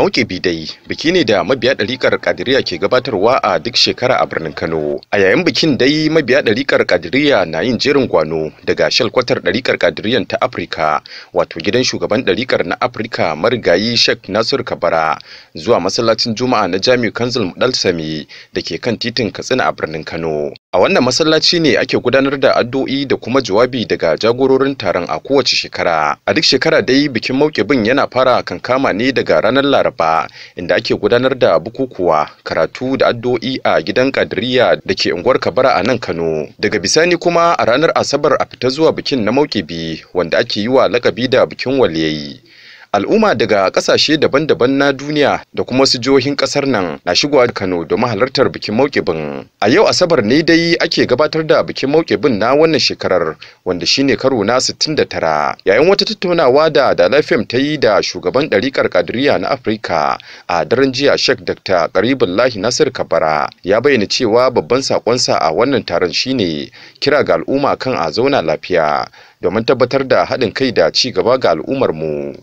Maukibi dai biki ne da mabiya ɗarikar Kadiriya ke gabatarwa a duk shekara a birnin Kano. A yayin bikin dai mabiya ɗarikar Kadiriya na yin jerin gwano daga shalkwatar ɗarikar Kadiriyan ta Afirka, wato gidan shugaban ɗarikar na Afirka marigayi Sheikh Nasir Kabara zuwa masallacin Juma'a na Jami'u Kanzil Mudalsami da ke kan titin Katsina a birnin Kano. A wannan masallaci ne ake gudanar da addu'o'i da kuma jawabi daga jagororin taron a kowace shekara. A duk shekara dai bikin mauƙibin yana fara kankama ne daga ranar Laraba inda ake gudanar da bukukuwa, karatu da addu'o'i a gidan Kadiriya da ke unguwar Kabara a nan Kano. Daga bisani kuma a ranar Asabar a fita zuwa bikin na mauƙibi wanda ake yi wa lakabi da bikin waliyayi. al'umma daga kasashe daban-daban na duniya da kuma su jihohin kasar nan na shigowa kano domin halartar bikin maukibin a yau asabar ne dai ake gabatar da bikin maukibin na wannan shekarar wanda shine karo na 69 yayin wata tattaunawa da dalafem ta yi da shugaban ɗarikar kadiriya na afirka a daren jiya sheikh dr karibullahi nasir kabara ya bayyana cewa babban sa a wannan taron shine kira ga al'umma kan a zauna lafiya domin tabbatar da haɗin kai da ci gaba ga al'ummar mu